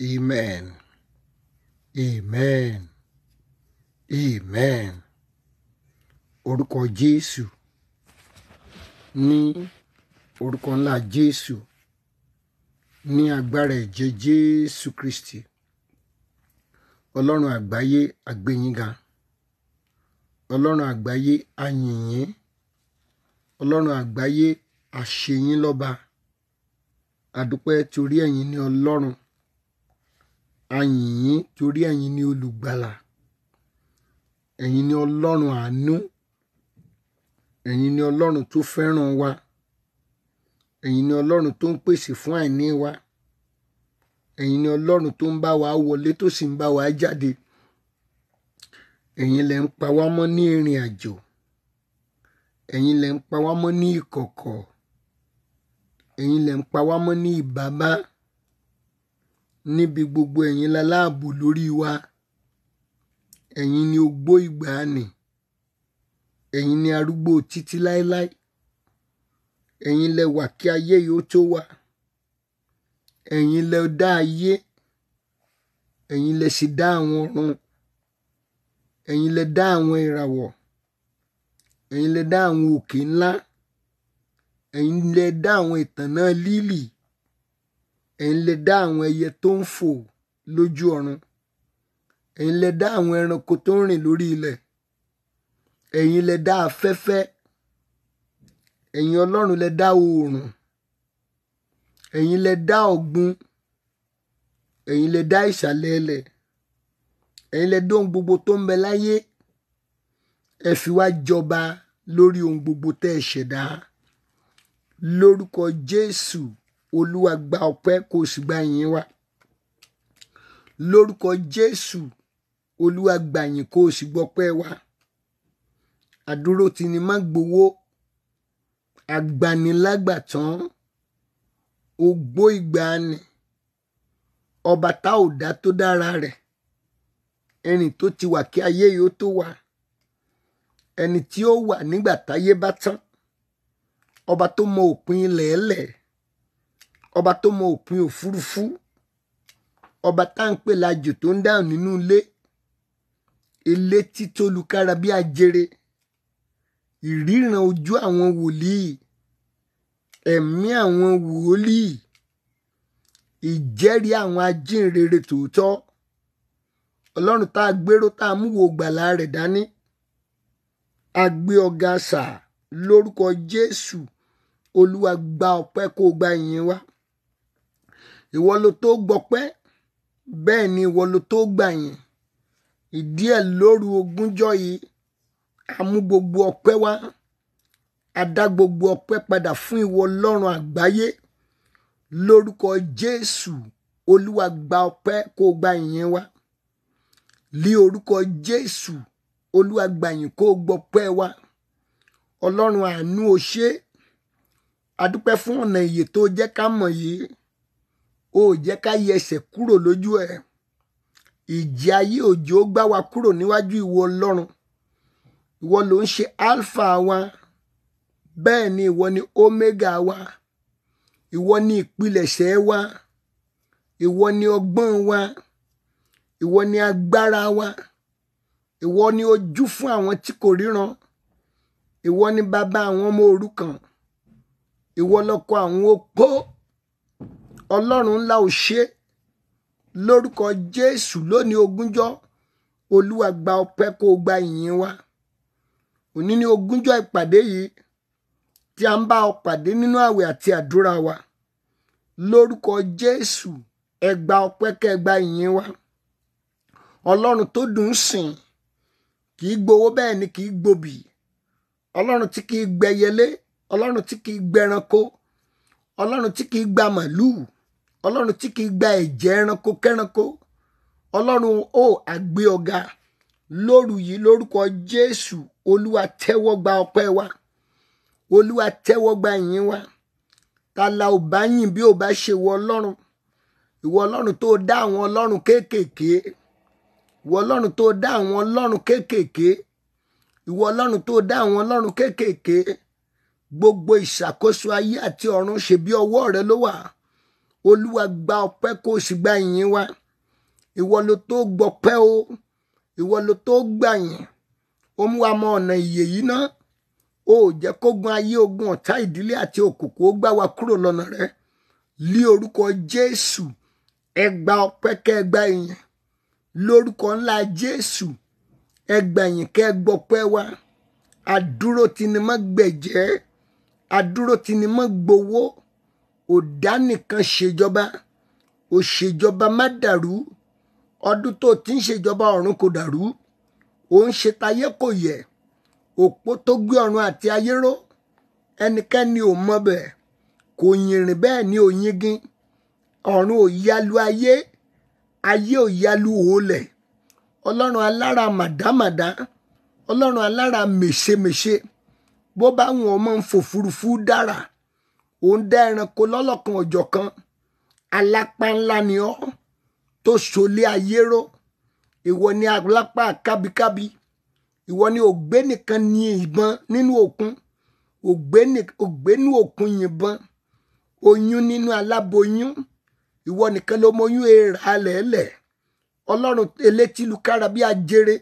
Amen. Amen. Amen. Orúkọ Jésù ní orúkọ ńlá Jésù ní agbára ẹ̀jẹ̀ Jésù Kristi ọlọ́run àgbáyé àgbéyínga ọlọ́run àgbáyé àyìnyín ọlọ́run àgbáyé àṣeyín lọ́ba àdúpẹ́ torí ẹ̀yin ní ọlọ́run ayìnyín torí ẹ̀yin ni olùgbàlà ẹ̀yin ni ọlọ́run àánú ẹ̀yin ni ọlọ́run tó fẹ́ràn wa ẹ̀yin ni ọlọ́run tó ń pèsè fún àìní wa ẹ̀yin ni ọlọ́run tó ń bá wa wọlé tó sì ń bá wa jáde ẹ̀yin lẹ̀ ń pa wá mọ́ ní ìrìn àjò ẹ̀yin lẹ̀ ń pa wá mọ́ ní ìkọ̀kọ̀ ẹ̀yin lẹ̀ ń pa wá mọ́ ní ìbámá níbi gbogbo ẹ̀yin laláàbò lórí wa ẹ̀yin ni ogbó ìgbàanì ẹ̀yin ni arúgbó títí láéláé ẹ̀yin lẹ wà kí ayé yìí ó tó wà ẹ̀yin lẹ dá ayé ẹ̀yin lẹ sì dá àwọn ọ̀run ẹ̀yin lẹ dá àwọn ìràwọ̀ ẹ̀yin lẹ dá àwọn òkè ńlá ẹ̀yin lẹ dá àwọn ìtànná lílì ẹ̀yin lè dá àwọn ẹyẹ tó ń fò lójú ọ̀run ẹ̀yin lè dá àwọn ẹranko tó ń rìn lórí ilẹ̀ ẹ̀yin lè dá afẹ́fẹ́ ẹ̀yin ọlọ́run lè dá oòrùn ẹ̀yin lè dá ọ̀gbun ẹ̀yin lè dá ìsàlẹ̀ ẹlẹ̀ ẹ̀yin lè dá ohun gbogbo tó ń bẹ láyé ẹ fi wá jọba lórí ohun gbogbo tẹ́ ẹ ṣẹ̀dá lórúkọ Jésù olúwa gba ọpẹ́ kó o sì gba ìyìn wa lórúkọ jésù olúwa gba ìyìn kó o sì gbọpẹ́ wa àdúró tí ni má gbowó agbanilágbàtán ògbó ìgbàanì ọba tá ò dá tó dára rẹ̀ ẹni tó ti wà kí ayé yìí tó wà ẹni tí ó wà nígbà táyé bá tán ọba tó mọ òpin ilẹ̀ ẹlẹ́ẹ̀ ọba tó mọ òpin òfurufú ọba tá à ń pè lajò tó ń dáhùn nínú ilé ilé títólùkára bí ajere ìríran ojú àwọn wòlíì ẹ̀mí àwọn wòlíì ìjẹ́rìí àwọn ajínrere tòótọ́ ọlọ́run tá a gbéró tá a mú wo gbàlà rẹ̀ dání a gbé ọ̀gá lórúkọ jésù olúwa gba ọpẹ́ kó gba ìyìn wa ìwọ ló tó gbọpẹ́ bẹ́ẹ̀ ni ìwọ ló tó gbàyìn ìdí ẹ̀ lóru ogúnjọ́ yìí a mú gbogbo ọpẹ́ wá a dá gbogbo ọpẹ́ padà fún ìwọ Ọlọ́run àgbáyé lórúkọ Jésù Olúwa gba ọpẹ́ kó gba ìyìn wa lí orúkọ Jésù Olúwa gbàyìn kó gbọpẹ́ wa Ọlọ́run àánú o ṣé a dúpẹ́ fún ọ̀nà ìyè tó jẹ́ ká mọ̀ yìí o ò jẹ́ ká yẹ ẹsẹ̀ kúrò lójú ẹ̀ ìjì ayé òjò gbá wa kúrò níwájú ìwọ ọlọ́run ìwọ ló ń ṣe alpha wa bẹ́ẹ̀ ni ìwọ ni omega wa ìwọ ni ìpilẹ̀ṣẹ̀ wa ìwọ ni ọgbọ́n wa ìwọ ni agbára wa ìwọ ni ojú fún àwọn tí kò ríran ìwọ ni bàbá àwọn ọmọ òrukàn ìwọ lọkọ àwọn opó ọlọ́run ńlá ò ṣe lórúkọ jésù lónìí ogúnjọ́ olúwa gba ọpẹ́ kó o gba ìyìn wa òní ní ogúnjọ́ ìpàdé yìí tí a ń bá ọ pàdé nínú àwẹ̀ àti àdúrà wa lórúkọ jésù ẹ gba ọpẹ́ kẹ́ ẹ gba ìyìn wa ọlọ́run tó dùn sìn kì í gbowó bẹ́ẹ̀ ni kì í gbòbì ọlọ́run tí kì í gbẹyẹlé ọlọ́run tí kì í gbẹranko ọlọ́run tí kì í gba ọlọ́run tí kìí gba ẹ̀jẹ̀ ẹranko kẹ́ranko ọlọ́run ó àgbé ọ̀gá lóru yìí lórúkọ jésù olúwa tẹ́wọ́ gba ọpẹ́ wa olúwa tẹ́wọ́ gba ìyìn wa tala ò bá yìn bí ò bá ṣe wọ ọlọ́run ìwọ ọlọ́run tó dá àwọn ọlọ́run kéékèèké ìwọ ọlọ́run tó dá àwọn ọlọ́run kéékèèké ìwọ ọlọ́run tó dá àwọn ọlọ́run kéékèèké gbogbo ìṣàkóso ayé àti ọ̀run ṣe bí ọwọ́ rẹ ló wà olúwa gba ọpẹ́ kó o sì gba ìyìn wa ìwọ ló tó gbọpẹ́ o ìwọ ló tó gbàyìn ó mú wa mọ ọ̀nà ìyè yìí ná o ò jẹ́ kógun ayé ogun ọ̀tá ìdílé àti òkùnkùn ó gbá wa kúrò lọ́nà rẹ lí orúkọ jésù ẹ gba ọpẹ́ kẹ́ lórúkọ ńlá jésù ẹ gba ìyìn kẹ́ wa àdúró tinimọ́ gbẹ̀jẹ́ àdúró tinimọ́ gbowó ọ̀dà nìkan ṣèjọba òṣèjọba má dàrú ọdún tó ti ń ṣèjọba ọ̀run kò dàrú ò ń ṣe tayé kò yẹ òpó tó gbé ọ̀run àti ayé ró ẹnikẹ́ni ò mọ bẹ́ẹ̀ kò yìnrìn bẹ́ẹ̀ ni ò yingin ọ̀run ò yalu ayé ayé ò yalu òòlẹ̀ ọlọ́run alára màdámàdá ọlọ́run alára mèṣemèṣe bó bá wọn ọmọ ń fò furufú dára ò ń dá ẹranko lọ́lọ́kan ọ̀jọ̀kan alápá ńlá ni ọ́ tó ṣolé ayé ró ìwọ ni alápá kábíkábí ìwọ ni ògbé nìkan ní ìbọn nínú òkun ògbénú òkun yìnbọn oyún nínú aláboyún ìwọ nìkan ló mọyún èèrà lẹ́lẹ̀ ọlọ́run elétílukára bí ajere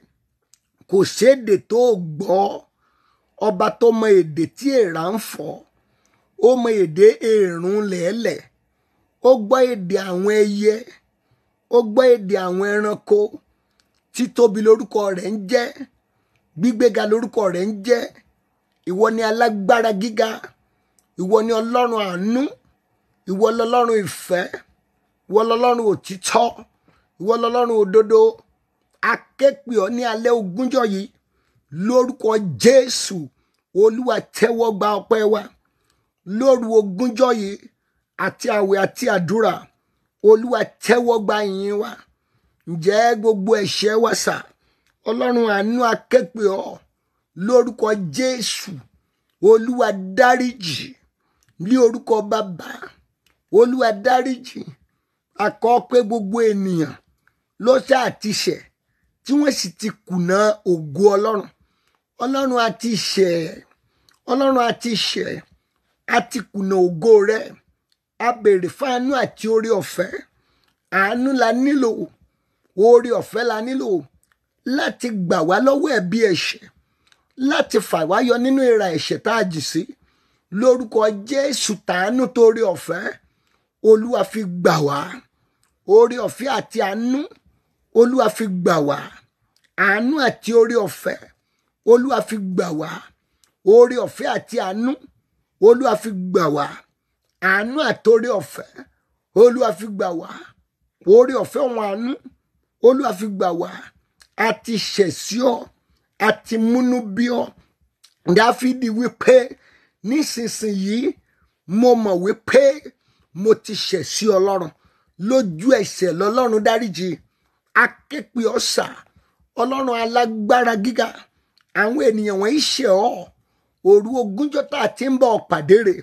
kò séde tó gbọ́ ọba tó mọ èdè tí èèrà ń fọ́ ó mọ èdè èrún lẹ́ẹ̀lẹ̀ ó gbọ́ èdè àwọn ẹyẹ ó gbọ́ èdè àwọn ẹranko títóbi lórúkọ rẹ̀ ń jẹ́ gbígbéga lórúkọ rẹ̀ ń jẹ́ ìwọ ni alágbára gíga ìwọ ni ọlọ́run àánú ìwọ lọlọ́run ìfẹ́ ìwọ lọlọ́run òtítọ́ ìwọ lọlọ́run òdodo akẹ́pẹ́ ọ ní alẹ́ ogúnjọ́ yìí lórúkọ Jésù olúwa tẹ́wọ́ gba ọpẹ́ wa lóru ogúnjọ́ yìí àti àwẹ̀ àti àdúrà olúwa tẹ́wọ́ gba ìyìn wa ǹjẹ́ gbogbo ẹ̀ṣẹ̀ wa sà ọlọ́run àánú akẹ́pẹ́ ọ lórúkọ jésù olúwa dáríjì ní orúkọ bàbá olúwa dáríjì àkọ́ pé gbogbo ènìyàn ló ṣáà ti tí wọ́n sì ti kùnà ògo ọlọ́run ọlọ́run àti ṣẹ̀ ọlọ́run a ti kùnà ògo rẹ a béèrè fún àánú àti oore ọ̀fẹ́ àánú la nílò oore ọ̀fẹ́ la nílò láti gbà wá lọ́wọ́ ẹ̀bi ẹ̀ṣẹ̀ láti fà wá yọ nínú ìrà ẹ̀ṣẹ̀ tá a jì sí lórúkọ Jésù tàánú torí ọ̀fẹ́ Olúwa fi gbà wá oore ọ̀fẹ́ àti àánú Olúwa fi gbà wá àánú àti oore ọ̀fẹ́ Olúwa fi gbà wá oore ọ̀fẹ́ àti àánú olúwa fi gbà wá àánú àtòrí ọ̀fẹ́ olúwa fi gbà wá orí ọ̀fẹ́ òun àánú olúwa fi gbà wá àti ṣẹ̀sí ọ àti múnú bí ọ dáfídì wípé nísinsìnyí mo mọ̀ wípé mo ti ṣẹ̀sí ọlọ́run lójú ẹsẹ̀ lọ́lọ́run dáríjì aképe ọ̀sà ọlọ́run alágbára gíga àwọn ènìyàn wọ̀nyí ṣẹ̀ ọ́ òru ogúnjọ́ tá a ti ń bọ̀ pàdé rè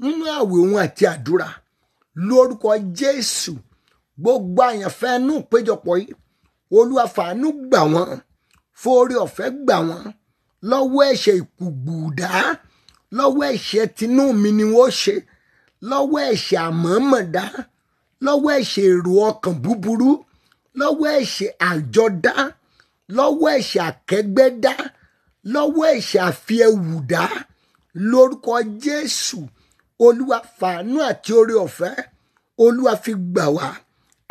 nínú àwẹ̀ òun àti àdúrà lórúkọ jésù gbogbo àyànfẹ́ inú ìpéjọpọ̀ yìí olúwa fàánú gbà wọ́n fóore ọ̀fẹ́ gbà wọ́n lọ́wọ́ ẹ̀ṣẹ̀ ìkùgbùdá lọ́wọ́ ẹ̀ṣẹ̀ tinú mi ni wọ́n ṣe lọ́wọ́ ẹ̀ṣẹ̀ àmọ̀ọ́mọ̀dá lọ́wọ́ ẹ̀ṣẹ̀ èrò ọkàn búburú lọ́wọ́ ẹ̀ṣẹ̀ àjọdá lọ́wọ́ ẹ̀ṣẹ̀ àkẹ́gbẹ́dá lọ́wọ́ ẹ̀ṣẹ̀ àfiẹ̀wùdá lórúkọ jésù olúwa fàánú àti oore ọ̀fẹ́ olúwa fi gbà wá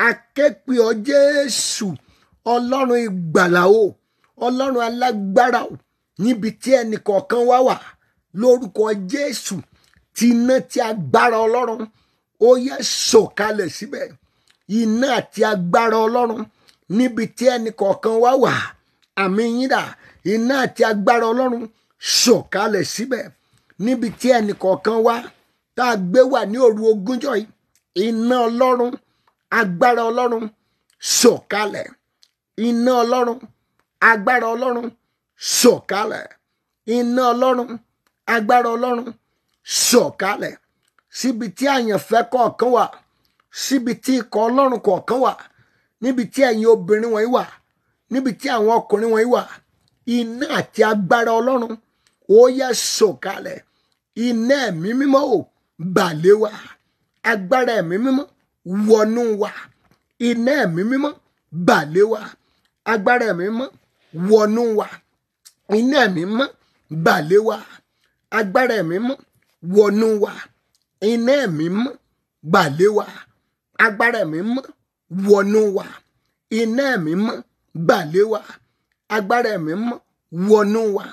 akẹ́pẹ́ ọ jésù ọlọ́run ìgbàlà o ọlọ́run alágbára o níbi tí ẹnìkọ̀ọ̀kan wá wà lórúkọ jésù ti iná ti agbára ọlọ́run ó yẹ sọ̀kalẹ̀ síbẹ̀ iná àti agbára ọlọ́run níbi tí ẹnìkọ̀ọ̀kan wá wà àmì yín dà iná àti agbára ọlọ́run sọ̀kalẹ̀ síbẹ̀ níbi tí ẹnì kọ̀ọ̀kan wá tá a gbé wà ní òru ogúnjọ́ yìí iná ọlọ́run agbára ọlọ́run sọ̀kalẹ̀ iná ọlọ́run agbára ọlọ́run sọ̀kalẹ̀ iná ọlọ́run agbára ọlọ́run sọ̀kalẹ̀ síbi tí àyànfẹ́ kọ̀ọ̀kan wà síbi tí ikọ̀ ọlọ́run kọ̀ọ̀kan wà níbi tí ẹ̀yin obìnrin wọ̀nyí wà níbi tí àwọn ọkùnrin wọ̀nyí wà iná àti agbára ọlọ́run ó yẹ sọ̀kalẹ̀ iná ẹ̀mí mímọ́ ò bà lé wa agbára ẹ̀mí mímọ́ wọnú wa iná ẹ̀mí mímọ́ bà lé wa agbára ẹ̀mí mímọ́ wọnú wa iná ẹ̀mí mímọ́ bà wa agbára ẹ̀mí mímọ́ wọnú wa iná ẹ̀mí mímọ́ bà wa agbára ẹ̀mí mímọ́ wọnú wa iná ẹ̀mí mímọ́ bà lé wa agbára ẹ̀mí mọ́ wọnú wa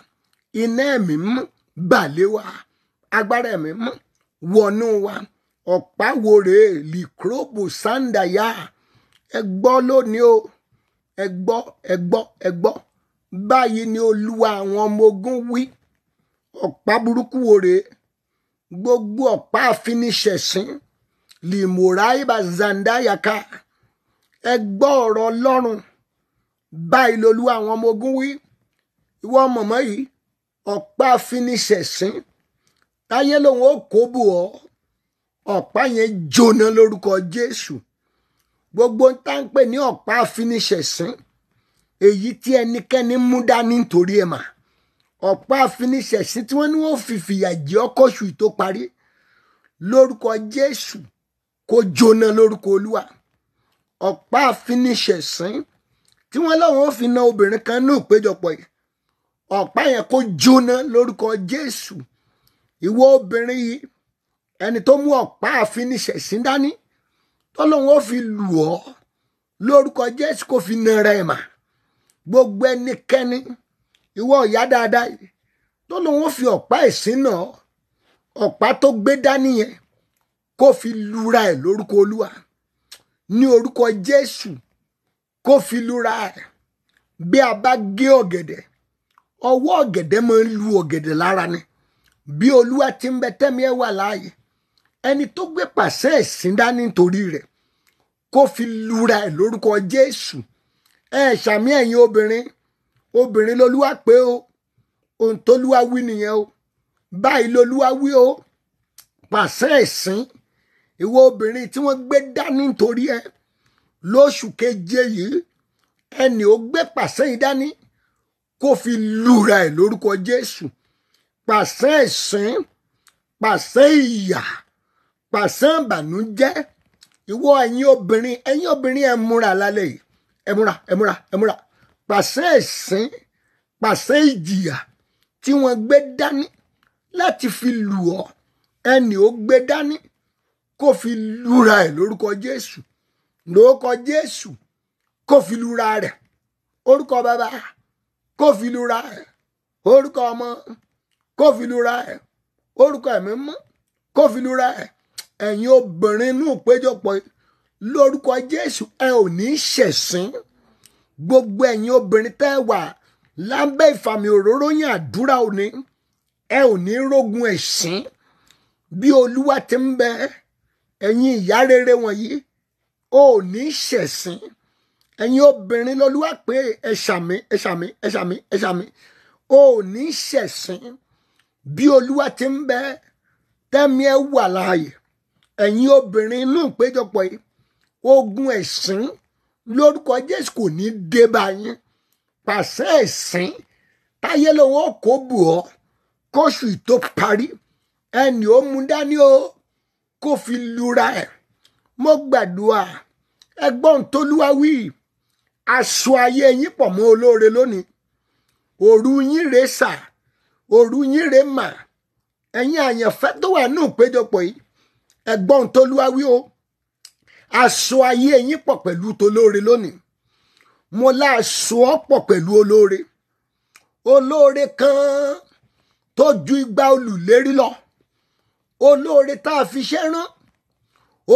iná ẹ̀mí mọ́ bàlẹ́ wa agbára ẹ̀mí mọ́ wọnú wa ọ̀pá wo rèé lìkúròbù sàǹdàyà ẹ lónìí o ẹ gbọ́ ẹ gbọ́ ẹ gbọ́ báyìí ni olúwa àwọn ọmọ ogun wí ọ̀pá burúkú wo rèé gbogbo ọ̀pá àfiniṣẹ̀sín lìmọ̀ráìbà zandayaka ẹ gbọ́ ọ̀rọ̀ ọlọ́run báyìí lolú àwọn ọmọ ogun wí ìwọ mọ̀mọ́ yìí ọ̀pá finiṣẹ̀sín táyé lòun ó kó bù ọ́ ọ̀pá yẹn jóná lórúkọ Jésù gbogbo ń tá ń pè ní ọ̀pá finiṣẹ̀sín èyí tí ẹnikẹ́ni mú dání nítorí ẹ̀ mà ọ̀pá finiṣẹ̀sín tí wọ́n ní wọ́n fi fìyà jẹ́ ọkọ̀ṣù tó parí lórúkọ Jésù kó jóná lórúkọ Olúwa ọ̀pá finiṣẹ̀sín tí wọ́n láwọn ò fi na obìnrin kan ní ìpéjọpọ̀ yìí ọ̀pá yẹn kó jóná lórúkọ Jésù ìwọ obìnrin yìí ẹni tó mú ọ̀pá àfinisẹ̀sín dání tọ́lọ́wọ́n ó fi lù ọ́ lórúkọ Jésù kó fi na rẹ̀ mà gbogbo ẹnikẹ́ni ìwọ ìyá dáadáa yìí tọ́lọ́wọ́n ó fi ọ̀pá ìsín náà ọ̀pá tó gbé dání yẹn kó fi lura ẹ̀ lórúkọ Olúwa ní orúkọ Jésù. kó fi lura ẹ̀ bí a bá gé ọ̀gẹ̀dẹ̀ ọwọ́ ọ̀gẹ̀dẹ̀ máa ń lu ọ̀gẹ̀dẹ̀ lára ni bí olúwa ti ń bẹ tẹ́mi ẹ̀ wà láàyè ẹni tó gbé pàṣẹ ẹ̀sìn dání nítorí rẹ̀ kó fi lura ẹ̀ lórúkọ jésù ẹ ṣàmì ẹ̀yin obìnrin obìnrin lolúwa pé o ohun tolúwa wí nìyẹn o báyìí lolúwa wí o pàṣẹ ẹ̀sìn ìwọ obìnrin tí wọ́n gbé dání nítorí ẹ̀ lóṣù keje yìí ẹnì ó gbé pàṣẹ yìí dání kó fi lura ẹ̀ lórúkọ Jésù pàṣẹ ìsìn pàṣẹ ìyà pàṣẹ ìbànújẹ́ ìwọ ẹ̀yin obìnrin ẹ̀yin obìnrin ẹ múra lálẹ́ yìí ẹ múra ẹ múra ẹ múra pàṣẹ ìsìn pàṣẹ ìjìyà tí wọ́n gbé dání láti fi lù ọ́ ẹnì ó gbé dání kó fi lura ẹ̀ lórúkọ Jésù lórúkọ jésù kó fi lura rẹ̀ orúkọ bàbá kó fi lura rẹ̀ orúkọ ọmọ kó fi lura rẹ̀ orúkọ ẹ̀mí mọ́ kó fi lura rẹ̀ ẹ̀yin obìnrin inú ìpéjọpọ̀ lórúkọ jésù ẹ ò ní ṣẹ̀sín gbogbo ẹ̀yin obìnrin tẹ́ wà lábẹ́ ìfàmì òróró yín àdúrà òní ẹ ò ní rógun ẹ̀sín bí olúwa ti ń bẹ ẹ̀yin ìyá rere wọ̀nyí o ò ní ṣẹ̀sìn ẹ̀yin obìnrin lọ́lúwà pé ẹ ṣàmì ẹ ṣàmì ẹ ṣàmì ẹ ṣàmì o ò ní ṣẹ̀sìn bí olúwa ti ń bẹ tẹ́mi ẹ wà láàyè ẹ̀yin obìnrin inú ìpéjọpọ̀ yìí ogun ẹ̀sìn lórúkọ jésù kò ní dé bá yín pàṣẹ ẹ̀sìn táyé lòun ò kó bù ọ́ kóṣù tó parí ẹnì ó mú dání o kó fi lura ẹ̀ mo gbàdúrà ẹgbọ́n tólúwa wí aṣọ ayé yín pọ̀ mọ́ olóore lónìí òru yín rè sà òru yín rè mà ẹ̀yin àyànfẹ́ tó wà nù péjọpọ̀ yìí ẹgbọ́n tólúwa wí o aṣọ ayé yín pọ̀ pẹ̀lú tolóore lónìí mo láṣọ ọ́ pọ̀ pẹ̀lú olóore olóore kan tó ju igba olùlérí lọ olóore tá a fi ṣẹ́ rán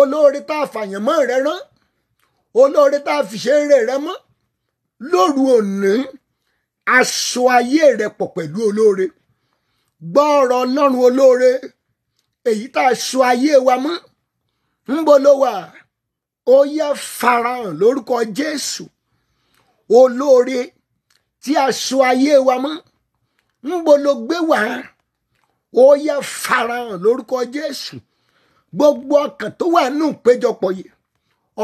olóore tá a fàyànmọ́ rẹ rán olóore tá a fìṣeré rẹ mọ́ lóru òní aṣọ ayé rẹ pọ̀ pẹ̀lú olóore gbọ́ ọ̀rọ̀ ọlọ́run olóore èyí tá a ṣọ ayé wa mọ́ ńbo ló wà ó yẹ farahàn lórúkọ jésù olóore tí a ṣọ ayé wa mọ́ ńbo ló gbé wá ó yẹ farahàn lórúkọ jésù gbogbo ọkàn tó wà nù péjọpọ̀ yìí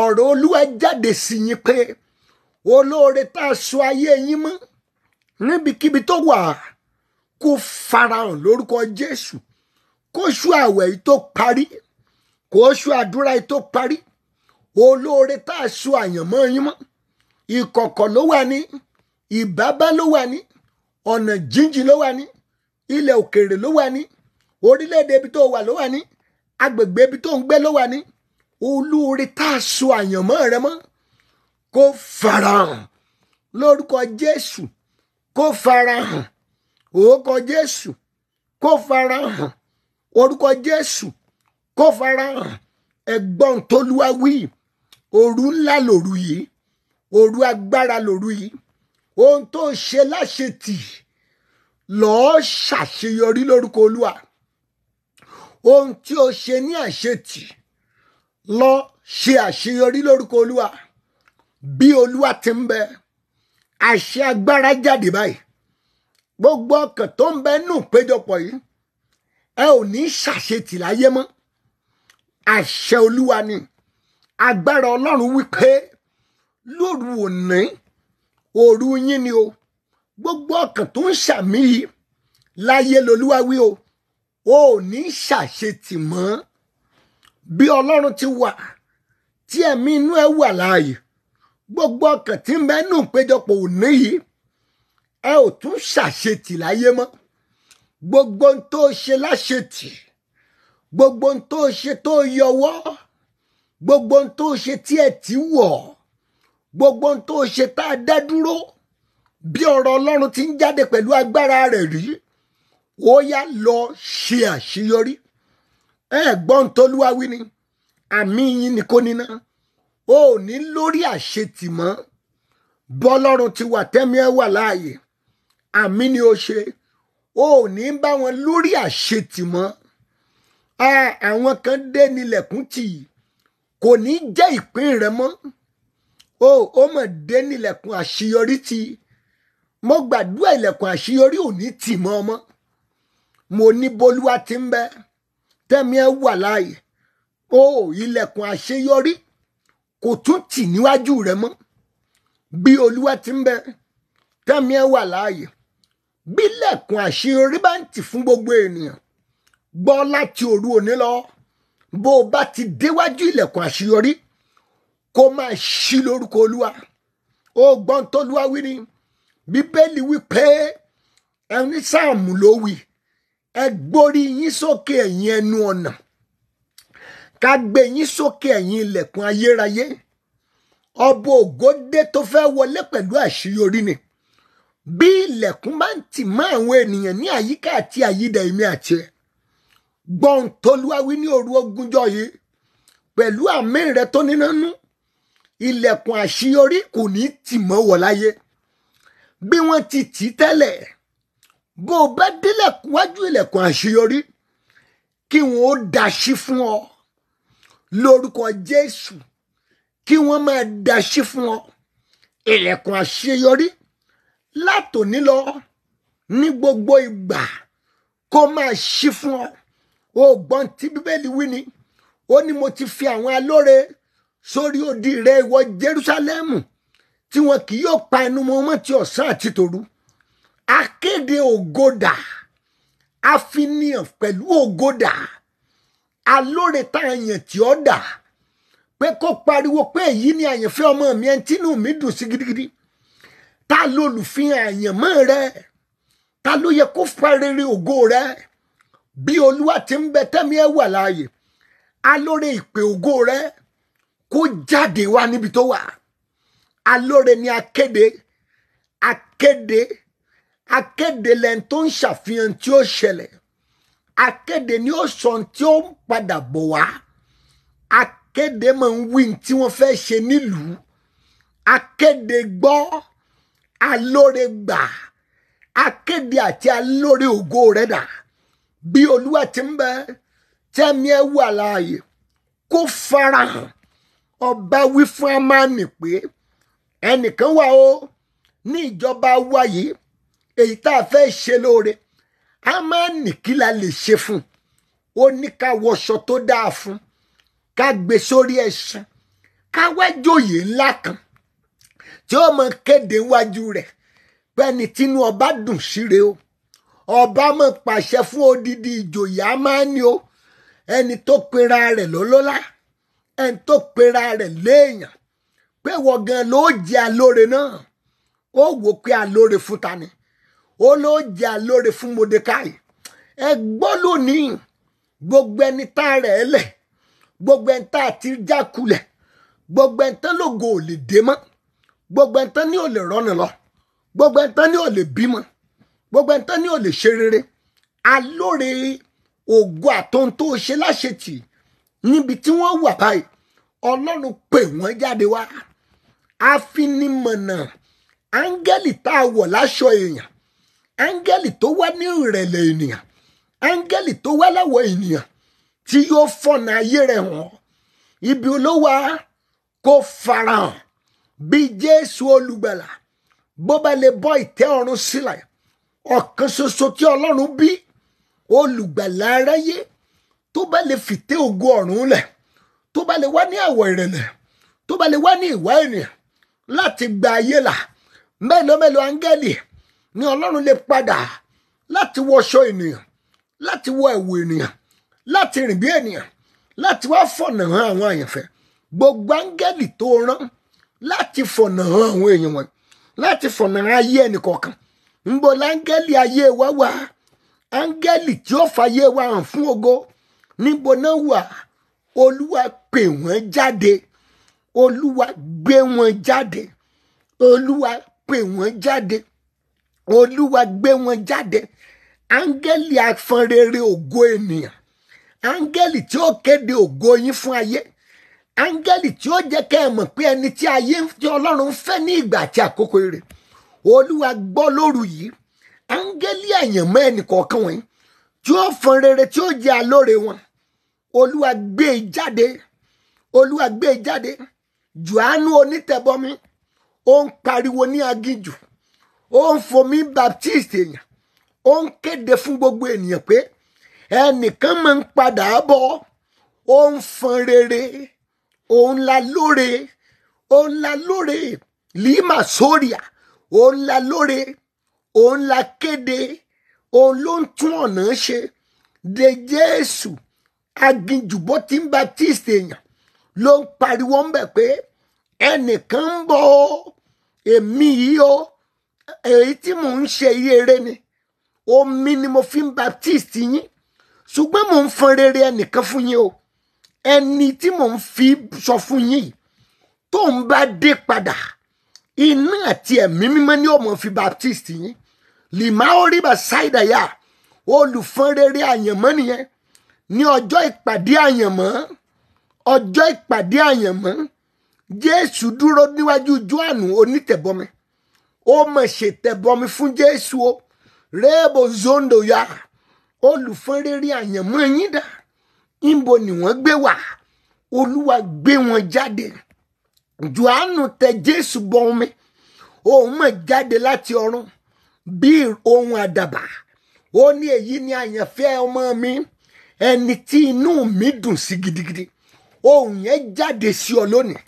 ọ̀rọ̀ olúwa jáde sí yín pé olóore tá a sọ ayé yín mọ́ níbikíbi tó wà kó farahàn lórúkọ jésù kó ṣú àwẹ̀ yìí tó parí kó ṣú àdúrà yìí tó parí olóore tá a sọ àyànmọ́ yín mọ́ ìkọ̀kọ̀ ló wà ní ìbábá ló wà ní ọ̀nà jíjìn ló wà ní ilẹ̀ òkèèrè ló wà ní orílẹ̀-èdè ibi tó wà ló wà ní agbègbè ibi tó ń gbé ló wà ní olóore tá a so àyànmọ́ rẹ mọ́ kó farahàn lórúkọ Jésù kó farahàn orúkọ Jésù kó farahàn orúkọ Jésù kó farahàn ẹ̀gbọ́n tólúwa wí òru ńlá lòru yìí òru agbára lòru yìí ohun tó ṣe láṣetì lọ́ọ́ ṣàṣeyọrí lórúkọ Olúwa ohun tí o ṣe ní àṣetì lọ ṣe àṣeyọrí lórúkọ olúwa bí olúwa ti ń bẹ àṣẹ agbára jáde báyìí gbogbo ọkàn tó ń bẹ nù péjọpọ̀ yìí ẹ ò ní ṣàṣetì láyé mọ́ àṣẹ olúwa ni agbára ọlọ́run wípé lóru òní òru yín ni o gbogbo ọkàn tó ń ṣàmì yìí láyé lolúwa wí o o ò ní ṣàṣetì mọ́ bí ọlọ́run ti wà tí ẹ̀mí inú ẹ wà láàyè gbogbo ọkàn tí ń bẹ́ẹ̀ nù péjọpọ̀ òní yìí ẹ ò tún ṣàṣetì láyé mọ́ gbogbo ohun tó ṣe láṣetì gbogbo ohun tó ṣe tó yọwọ́ gbogbo ohun tó ṣe tí ẹ ti wọ̀ gbogbo ohun tó ṣe tá a dá dúró bí ọ̀rọ̀ ọlọ́run ti ń jáde pẹ̀lú agbára rẹ̀ rí ó yá lọ ṣe àṣeyọrí ẹ̀gbọ́n tolúwa wí ni àmì yín ni kò níná ó ní lórí àṣetìmọ́ bọ́lọ́run ti wà tẹ́mi ẹ̀ wà láàyè àmì ni ó ṣe ó ní bá wọn lórí àṣetìmọ́ àwọn kan dé nílẹ̀kùn tì í kò ní jẹ́ ìpín rẹ mọ́ o ó mọ̀ dé nílẹ̀kùn àṣeyọrí tì í gbàdúrà ilẹ̀kùn àṣeyọrí ò ní tì mọ́ ọmọ mo ní bolúwa ti ń bẹ tẹ́mi ẹ wà láàyè ó ilẹ̀kùn àṣeyọrí kò tún tì níwájú rẹ mọ́ bí olúwa ti ń bẹ tẹ́mi ẹ wà láàyè bí ilẹ̀kùn àṣeyọrí bá ń tì fún gbogbo ènìyàn gbọ́ láti òru òní lọ bó o bá ti déwájú ilẹ̀kùn àṣeyọrí kó máa ṣí lórúkọ olúwa ó gbọ́n tọ́lúwa wí ni bíbélì wí pé ẹni sáàmù ló wí ẹ gbórí yín sókè ẹ̀yin ẹnu ọ̀nà ká gbé yín sókè ẹ̀yin ilẹ̀kùn ayérayé ọbọ̀ ògòdé tó fẹ́ wọlé pẹ̀lú àṣeyọrí ni bí ilẹ̀kùn bá ń tì mọ́ àwọn ènìyàn ní àyíká àti àyídà èmi àti ẹ̀ gbọ́n tolúwáwí ní òru ogúnjọ́ yìí pẹ̀lú àmì rẹ tó nínú ilẹ̀kùn àṣeyọrí kò ní tì mọ́ wọ̀ láyé bí wọ́n ti tì tẹ́lẹ̀ bó o bá délẹ̀kùn wájú ilẹ̀kùn àṣeyọrí kí wọn ó daṣí fún ọ lórúkọ Jésù kí wọn máa daṣí fún ọ ilẹ̀kùn àṣeyọrí látòní lọ ní gbogbo ìgbà kó máa ṣí fún ọ o gbọ́n tí bíbélì wí ni ó ní mo ti fi àwọn alóore sórí odi rẹ ìwọ Jerúsálẹ́mù tí wọn kì yóò pa ẹnu mọ́ mọ́ ti ọ̀sán àti tòru akéde ogoda, afinihàn pẹ̀lú ògòdà alóore táwọn èèyàn tí ó dà pé kó pariwo pé èyí ni àyànfẹ́ ọmọ mi ẹni tínú mi dùn sí gidigidi ta lolùfihàn àyànmọ́ rẹ ta ló yẹ kó farere ògo rẹ bí olúwa ti ń bẹ tẹ́mi ẹ wà láàyè alóore ìpè ògo rẹ kó jáde wá níbi tó wà alóore ni akéde akéde akéde lẹ́ni tó ń ṣàfihàn tí ó ṣẹlẹ̀ akéde ni ó sọ tí ó ń padà bọ̀ wá akéde máa ń wí tí wọ́n fẹ́ ṣe nílùú akéde gbọ́ alóore gbà akéde àti alóore ògo rẹ̀ dà bí olúwa ti ń bẹ tẹ́mi ẹ wà láàyè kó farahàn ọba wí fún amáàmì pé ẹnìkan wà ó ní ìjọba wa èyí tá a fẹ́ ṣe lóore a máa nì kí la lè ṣe fún un ó ní ká wọṣọ tó dáa fún un ká gbé sórí ẹṣin ká wá jòyè ńlá kan tí ó mọ kéde wájú rẹ̀ pẹ́ni tínú ọba dùn síre o ọba mọ pàṣẹ fún odidi ìjòyè a máa ní o ẹni tó pera rẹ̀ lọ́lọ́lá ẹni tó pera rẹ̀ léèyàn pé wọ́n gan ló jẹ́ alóore náà ó wò pé alóore fún ni ó ló jẹ àlóore fún Mordecai ẹ gbọ́ lónìí gbogbo ẹni tá a rẹ̀ ẹ́ lẹ̀ gbogbo ẹni tá a ti já kulẹ̀ gbogbo ẹni tán lògo ò lè dé mọ́ gbogbo ẹni tán ní ò lè rọ́nà lọ gbogbo ẹni tán ní ò lè bímọ gbogbo ẹni tán ní ò lè ṣe rere alóore ògo àtọ́n ṣe láṣetì níbi tí wọ́n wà báyìí ọlọ́run pè wọ́n jáde wá afinimọ̀nà áńgẹ́lì tá a wọ̀ láṣọ èèyàn áńgẹ́lì tó wá ní ìrẹ̀lẹ̀ ènìyàn áńgẹ́lì tó wá láwọ̀ ènìyàn tí yóò fọ̀nà ayé rẹ̀ hàn ibi olówó kó farahàn bí jésù olùgbàlà bó bá lè bọ́ ìtẹ́ ọ̀run sílẹ̀ ọ̀kan ṣoṣo tí ọlọ́run bí olùgbàlà aráyé tó bá lè fìtẹ́ ògo ọ̀run lẹ̀ tó bá lè wá ní àwọ̀ ìrẹ̀lẹ̀ tó bá lè wá ní ìwà ènìyàn láti gba ayé là mélòó mélòó áńgẹ́lì ni ọlọ́run lè padà láti wọṣọ ènìyàn láti wọ ẹ̀wù ènìyàn láti rìn bí ènìyàn láti wá fọ̀nà hàn àwọn àyànfẹ́ gbogbo áńgẹ́lì tó rán láti fọ̀nà hàn àwọn èèyàn wọn láti fọ̀nà hàn ayé ẹnìkọ̀ọ̀kan ńbo láńgẹ́lì ayé wa wà áńgẹ́lì tí ó fàyè wa hàn fún ògo níbo náà wà olúwa pè wọ́n jáde olúwa gbé wọn jáde olúwa pè wọ́n jáde olúwa gbé wọn jáde áńgẹ́lì afọnrere ògo ènìyàn áńgẹ́lì tí ó kéde ògo yín fún ayé áńgẹ́lì tí ó jẹ́ kẹ́ ẹ mọ̀ pé ẹni tí ayé tí ọlọ́run ń fẹ́ ní ìgbà àti àkókò rẹ̀ olúwa gbọ́ lóru yìí áńgẹ́lì àyànmọ́ ẹnì kọ̀ọ̀kan wọ̀nyí tí ó fọn rere tí ó jẹ́ alóore wọn olúwa gbé e jáde olúwa gbé e jáde jòhánù onítẹ̀bọmi ó ń pariwo ní aginjù ó ń fomi baptist èèyàn ó ń kéde fún gbogbo ènìyàn pé ẹnìkan máa ń padà bọ̀ ó ń fọn rere òun la lóore òun la lóore lima soria òun la lóore òun la kéde òun ló ń tún ọ̀nà ṣe de jésù aginjùbọ́ tí ń baptist èèyàn ló ń pariwo ń bẹ̀ pé ẹnìkan ń bọ̀ èmi yìí o èyí tí mò ń ṣe iye eré ni omi ni mo fi ń baptist yín ṣùgbọ́n mò ń fọn rere ẹnìkan fún yín o ẹni tí mò ń fi sọ fún yín tó ń bá dé padà iná àti ẹ̀mí mímọ́ ni ó mọ̀ fi baptist yín lìmá oríba ṣáìdàyà olùfọn rere àyànmọ́ nìyẹn ní ọjọ́ ìpàdé àyànmọ́ ọjọ́ ìpàdé àyànmọ́ jésù dúró níwájú johannu onítẹ̀bọmi ó mọ̀ ṣètẹ̀bọmi fún jésù o réèbò zondo ya olùfẹ́rẹ́rí àyànmọ́ yín dà níbo ni wọ́n gbé wà olúwa gbé wọn jáde johannu tẹ jésù bọ omi òun mọ̀ jáde láti ọ̀run bí ohun àdàbà ó ní èyí ni àyànfẹ́ ọmọ mi ẹni tí inú mi dùn sí gidigidi ohun yẹn jáde sí ọ lónìí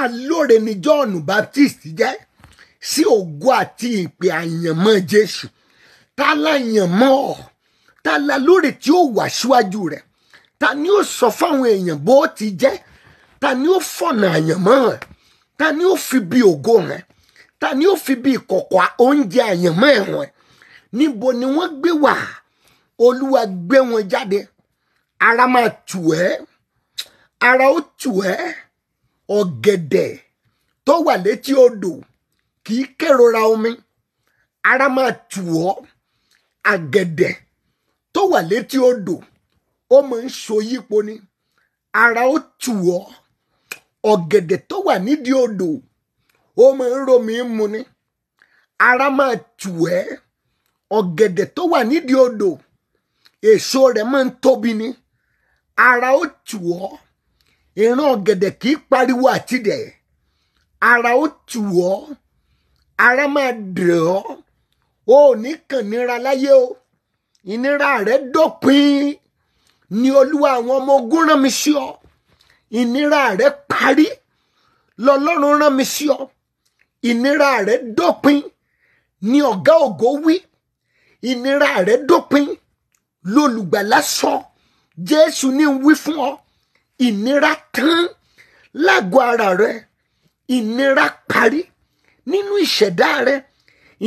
alóore ni john baptist jẹ́ sí ògo àti ìpè àyànmọ́ Jésù ta láyànmọ́ ọ ta la lóore tí ó wà síwájú rẹ̀ ta ni ó sọ fáwọn èèyàn bó ti jẹ́ ta ni ó fọ̀nà àyànmọ́ rẹ̀ ta ni ó fi bí ògo rẹ̀ ta ni ó fi bí ìkọ̀kọ̀ oúnjẹ àyànmọ́ ẹ̀ hàn níbo ni wọ́n gbé wà olúwa gbé wọn jáde ara máa tù ẹ́ ara ó tù ẹ́ ọ̀gẹ̀dẹ̀ tó wà létí odò. kì í kérora omi ara máa tù ọ́ àgẹ̀dẹ̀ tó wà létí odò ó máa ń so yípo ni ara ó tù ọ́ ọ̀gẹ̀dẹ̀ tó wà nídìí odò ó máa ń romi mu ni ara máa tù ẹ́ ọ̀gẹ̀dẹ̀ tó wà nídìí odò èso rẹ̀ máa ń tóbi ni ara ó tù ọ́ ìran ọ̀gẹ̀dẹ̀ kì í pariwo àtidẹ̀ ara ó tù ọ́ ara máa dè ọ́ o ò ní kàn nira láyé o ìnira rẹ dópin ni olúwa àwọn ọmọ ogun rán mi sí ọ ìnira rẹ parí lọ́lọ́run rán mi sí ọ ìnira rẹ dópin ni ọ̀gá ògo wí ìnira rẹ dópin lólùgbàlà jésù ní wí fún ọ ìnira tán lágọ̀ ara rẹ ìnira parí nínú ìṣẹ̀dá rẹ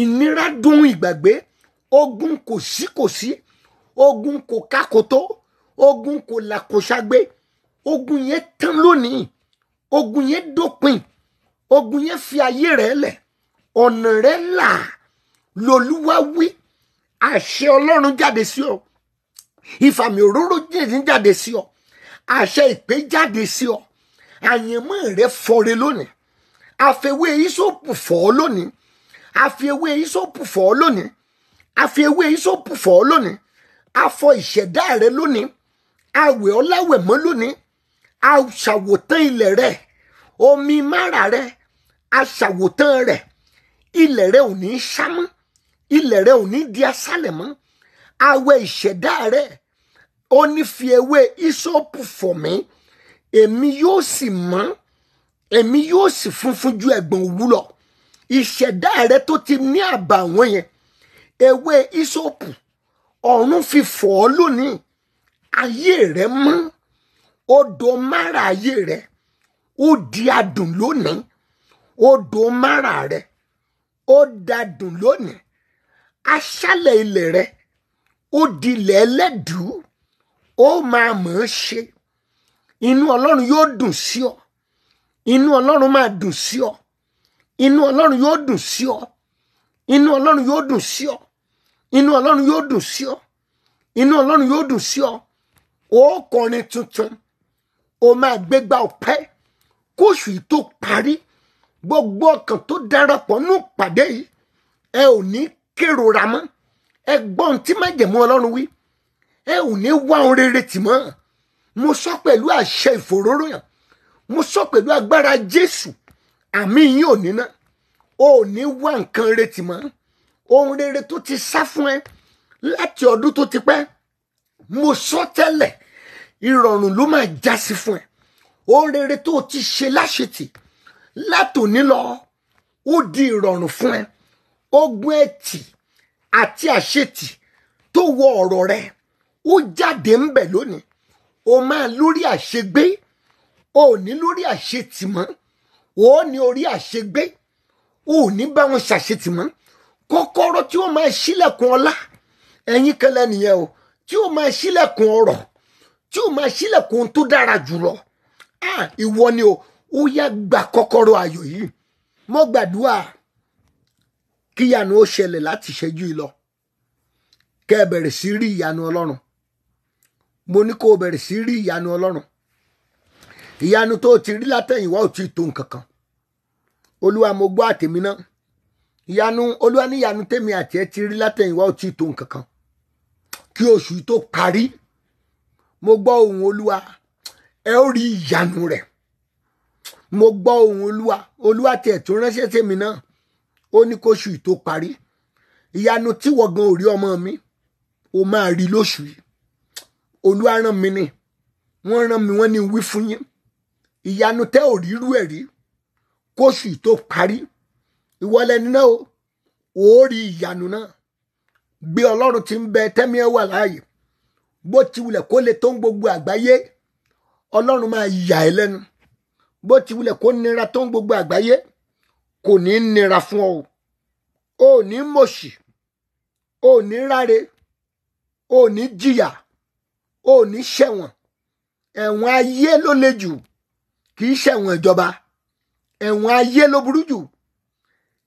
ìnira dùn ìgbàgbé ogun kò sí kò sí ogun kò kákòtó ogun kò làkòṣàgbé ogun yẹn tán lónìí ogun yẹn dópin ogun yẹn fi ayé rẹ lẹ̀ ọ̀nà rẹ là lòlúwa wí àṣẹ ọlọ́run jáde sí ọ ìfàmì òróró jìnnì jáde sí ọ àṣẹ ìpè jáde sí ọ àyànmọ́ rẹ fọre lónìí àfẹwé ìsòpù fọ́ lónìí àfẹwé ìsòpù fọ́ lónìí àfẹwé ìsòpù fọ́ lónìí afọ ìṣẹ̀dá rẹ lónìí àwẹ̀ ọláwẹ̀ mọ́ lónìí aṣàwòtán ilẹ̀ rẹ omi mára rẹ aṣàwòtán rẹ ilẹ̀ rẹ ò ní sámú ilẹ̀ rẹ ò ní di asálẹ̀ mọ́ àwẹ̀ ìṣẹ̀dá rẹ ó ní fi ewé ìsòpù fọ̀ mí èmi yóò sì mọ́ èmi yóò sì funfun ju ẹ̀gbọ̀n òwú lọ ìṣẹ̀dá rẹ tó ti ní àbàwọ́n yẹn ewé ìsopù ọ̀run fi fọ̀ ọ́ lónìí ayé rẹ mọ́ odò mára ayé rẹ ó di adùn lónìí odò mára rẹ ó dadùn lónìí aṣálẹ̀ ilẹ̀ rẹ ó di ilẹ̀ ó máa mọ̀ ọ́ ṣe inú ọlọ́run yóò dùn sí ọ inú ọlọ́run máa dùn sí ọ inú ọlọ́run yóò dùn sí ọ inú ọlọ́run yóò dùn sí ọ inú ọlọ́run yóò dùn sí ọ inú ọlọ́run yóò dùn sí ọ ó kọrin tuntun ó máa gbégbá ọpẹ́ kóṣù yìí tó parí gbogbo ọkàn tó darapọ̀ nù pàdé yìí ẹ ò ní kérora mọ́ ẹ gbọ́ ohun tí májẹ̀mú ọlọ́run wí ẹ ò ní wá ohun rere tì mọ́ mo sọ pẹ̀lú àṣẹ ìfòróró yàn mo sọ pẹ̀lú agbára jésù àmì yín ò níná o ò ní wá nǹkan retí mọ́ ohun rere tó ti sá fún ẹ láti ọdún tó ti pẹ́ mo sọ tẹ́lẹ̀ ìrọ̀rùn ló máa já sí fún ẹ ohun rere tó ti ṣe láṣetì látòní lọ ó di ìrọ̀rùn fún ẹ ogun ẹtì àti àṣetì tó wọ ọ̀rọ̀ rẹ ó jáde ńbẹ̀ lónìí o máa lórí àṣegbé o ò ní lórí àṣetìmọ́ o ò ní orí àṣegbé o ò ní bá wọn ṣàṣetìmọ́ kọ́kọ́rọ́ tí ó máa ṣílẹ̀kùn ọlá ẹ̀yin kẹlẹ́ nìyẹn o tí ó máa ṣílẹ̀kùn ọrọ̀ tí ó máa ṣílẹ̀kùn tó dára jùlọ ìwọ ni o ó yá gba kọ́kọ́rọ́ ayọ̀ yìí mo gbàdúrà kí ìyanu ó ṣẹlẹ̀ láti ṣẹ́jú ìlọ kẹ́ ẹ bẹ̀rẹ̀ sí rí ìyanu ọlọ́run mo ní kó o bẹ̀rẹ̀ sí rí ìyanu ọlọ́run ìyanu tó ti rí látẹ̀yìnwá ò tí ì tó nǹkan kan olúwa mo gbọ́ àtẹ̀mí náà ìyanu olúwa ní ìyanu tèmi àti ẹ ti rí látẹ̀yìnwá ò tí ì tó nǹkan kan kí oṣù tó parí mo gbọ́ ohùn olúwa ẹ ó rí ìyanu rẹ̀ mo gbọ́ ohùn olúwa olúwa tiẹ̀ tó ránṣẹ́ tèmi náà ó ní kóṣù tó parí ìyanu tí wọ̀gàn ò rí ọmọ mi o máa rí lóṣù yìí olúwa rán mi ni wọ́n rán mi wọ́n ní wí fún yín ìyanu tẹ́ ò rírú ẹ̀ rí kóṣù tó parí ìwọlẹ́ni náà ò rí ìyanu náà bí ọlọ́run ti ń bẹ tẹ́mi ẹ̀ wà láàyè bó ti wulẹ̀ kó le tó ń gbogbo àgbáyé ọlọ́run máa yà ẹ́ lẹ́nu bó ti wulẹ̀ kó nira tó ń gbogbo àgbáyé kò ní nira fún ọ o ò ní mọ̀ṣì o ò ní ráre o ò ní jìyà o ò ní ṣẹ̀wọ̀n ẹ̀wọ̀n ayé ló le jù kì í ṣẹ̀wọ̀n ìjọba ẹ̀wọ̀n ayé ló burú jù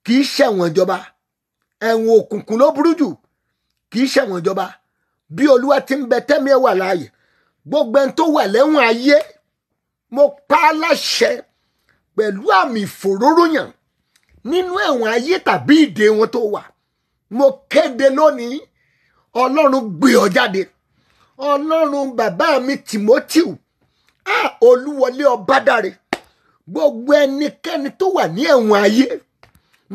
kì í ṣẹ̀wọ̀n ìjọba ẹ̀wọ̀n òkùnkùn ló burú jù kì í ṣẹ̀wọ̀n ìjọba bí olúwa ti ń bẹ tẹ́mi ẹ̀ wà láàyè gbogbo ẹni tó wà lẹ́wọ̀n ayé mo pa á láṣẹ pẹ̀lú àmì ìfòróróyàn nínú ẹ̀wọ̀n ayé tàbí ìdè wọn tó wà mo kéde lónìí ọlọ́run gbé ọ jáde ọlọ́run bàbá mi Timothy olúwọlé ọbádàrẹ gbogbo ẹnikẹ́ni tó wà ní ẹ̀wọ̀n ayé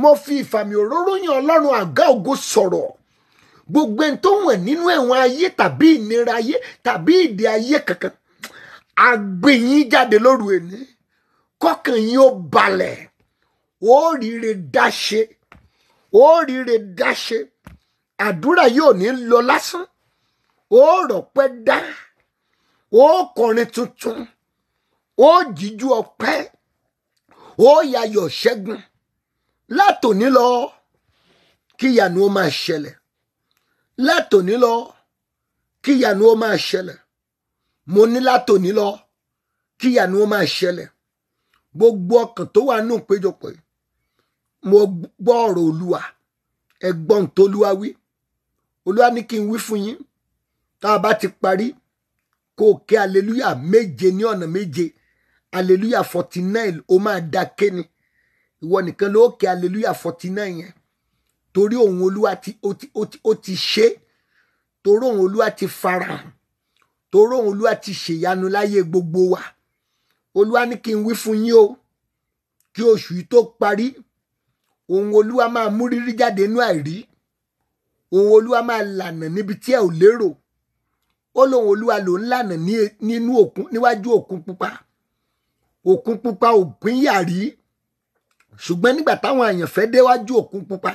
mo fi ìfàmì òróró yan ọlọ́run àgá ògo sọ̀rọ̀ gbogbo ẹni tó wọ̀n nínú ẹ̀wọ̀n ayé tàbí ìnira ayé tàbí ìdè ayé kankan àgbẹ̀yìn jáde lóru ẹni kọkàn yín ó balẹ̀ oríire dáṣe oríire dáṣe àdúrà yóò ní lọ lásán ó rọ̀pẹ́ dá. O kọrin tuntun ó jíjú ọpẹ́ ó yayọ̀ ṣẹ́gun látòní lọ kí ìyanu ó máa ṣẹlẹ̀ látòní lọ kí ìyanu ó máa ṣẹlẹ̀ mo ní látòní lọ kí ìyanu ó máa ṣẹlẹ̀ gbogbo ọkàn tó wà nù péjọpọ̀ mo gbọ́ ọ̀rọ̀ olúwa ẹ̀gbọ́n tolúwa wí olúwa ní kí n wí fún yín tá a bá ti parí kó o kẹ́ aleluya méje ní ọ̀nà méje aleluya forty nine o máa da kéni ìwọ nìkan ló kẹ́ aleluya forty nine yẹn torí òun olúwa ti ó ti ó ti ó ti ṣe torí òun olúwa ti farahàn torí òun olúwa ti ṣèyanu láyé gbogbo wa olúwa ní kí n wí fún yín o kí oṣù yìí tó parí òun olúwa máa mú jáde nínú àìrí òun olúwa máa lànà níbi tí ẹ ò lérò ó lóun olúwa lòun lànà nínú òkun níwájú òkun pupa òkun pupa ò pín yàrí ṣùgbọ́n nígbà táwọn àyànfẹ́ déwájú òkun pupa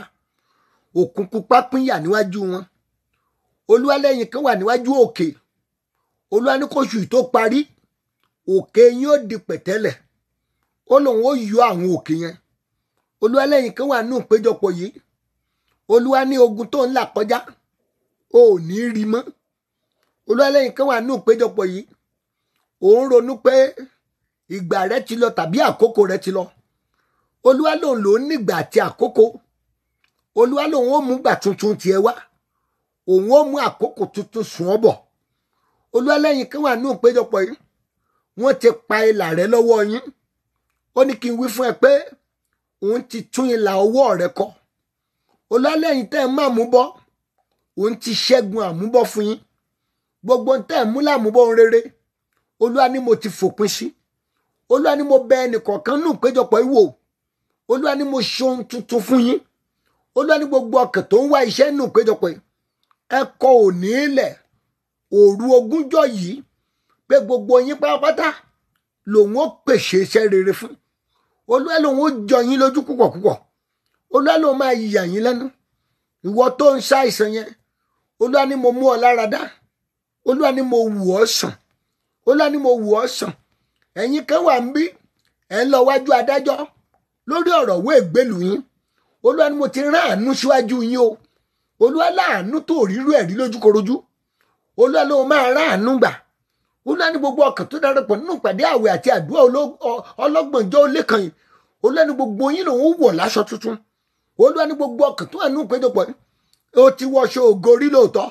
òkun pupa pín yà níwájú wọn olúwa lẹ́yìn kan wà níwájú òkè olúwa ní kóṣù tó parí òkè yín ó di pẹ̀tẹ́lẹ̀ ó lóun ó yọ àwọn òkè yẹn olúwa lẹ́yìn kan wà nínú ìpéjọpọ̀ yìí olúwa ní ogun tó ń là kọjá ó ní rí mọ́ olúwalẹ́yìn kan wà nínú ìpéjọpọ̀ yìí òun ronú pé ìgbà rẹ ti lọ tàbí àkókò rẹ ti lọ olúwa lòun lòun nígbà àti àkókò olúwa lòun ó mú gbà tuntun tiẹ̀ wá òun ó mú àkókò tuntun sùn ọ́ bọ̀ olúwa lẹ́yìn kan wà nínú ìpéjọpọ̀ yìí wọ́n ti pa ìlà rẹ lọ́wọ́ yín ó ní kí n wí fún ẹ pé òun ti tún ìlà ọwọ́ rẹ kọ olúwa tẹ́ ẹ má mú bọ́ òun ti ṣẹ́gun àmúbọ́ fún yín gbogbo ń tẹ̀ mú làmúbọ̀ ń rere olúwa ni mo ti fòpin sí olúwa ni mo bẹ ẹnìkọ̀ọ̀kan nù péjọpọ̀ ìwò olúwa ni mo ṣe ohun tuntun fún yín olúwa ni gbogbo ọkàn tó ń wá iṣẹ́ nù péjọpọ̀ ẹ kọ òní ilẹ̀ òru ogúnjọ́ yìí pé gbogbo yín pátápátá lòun ó pèsè iṣẹ́ rere fún olúwa lòun ó jọ yín lójú púpọ̀ púpọ̀ olúwa lòun máa yà yín lẹ́nu ìwọ tó ń ṣàìsàn yẹn olúwa ni mo mú ọ lára dá olúwa ni mo wù ọ́ sàn olúwa ni mo wù ọ́ sàn ẹ̀yin kan wà ń bí ẹ̀ ń lọ wájú adájọ́ lórí ọ̀rọ̀ owó ìgbélú yín olúwa ni mo ti rán àánú síwájú yín o olúwa láàánú tó rírú ẹ̀rí lójúkorojú olúwa ló máa rán àánú gbà olúwa ni gbogbo ọkàn tó darapọ̀ nínú ìpàdé àwẹ̀ àti àdúrà ọlọ́gbọ̀njọ́ ó lé yìí olúwa ni gbogbo yín lòun wọ̀ láṣọ tuntun olúwa ni gbogbo ọkàn tó wà nínú ìpéjọpọ̀ ó ti wọṣọ ògo rí lóòótọ́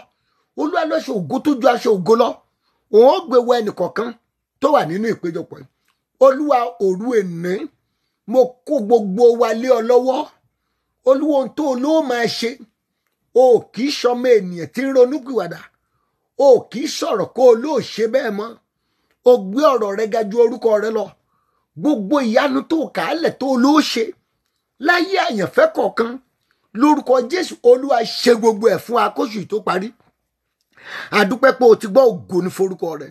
olúwa ló ṣe ògo tó ju aṣọ ògo lọ òun ó gbé wọ ẹnìkọ̀ọ̀kan tó wà nínú ìpéjọpọ̀ yìí olúwa òru èní mo kó gbogbo wa lé ọ lọ́wọ́ olúwa ohun tó ló máa ṣe o kì í ṣọmọ ènìyàn tí ń ronúpìwàdà o kì í sọ̀rọ̀ kó o lóò ṣe bẹ́ẹ̀ mọ́ o gbé ọ̀rọ̀ rẹ ga ju orúkọ rẹ lọ gbogbo ìyanu tó kàálẹ̀ tó lóò ṣe láyé àyànfẹ́ kọ̀ọ̀kan lórúkọ jésù olúwa ṣe gbogbo ẹ̀ fún akóṣù tó parí àdúpẹ́ pé o ti gbọ́ ògo ní forúkọ rẹ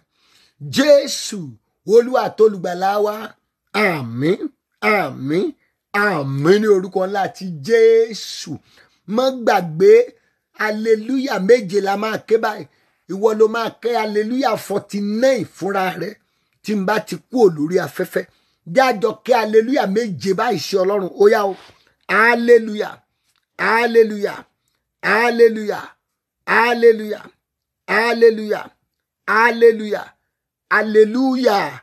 jésù olúwa àtolùgbàlà wa àmín àmín ní orúkọ ńlá ti jésù má gbàgbé aleluya méje la máa ké báyìí ìwọ ló máa ké aleluya forty nine fúnra rẹ tí n bá ti kú olórí afẹ́fẹ́ jájọ ké aleluya méje báyìí ṣe ọlọ́run ó yá o aleluya aleluya aleluya aleluya. aleluya hallelujah hallelujah hallelujah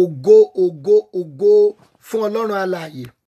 ògo ògo ògo fún ọlọ́run alààyè.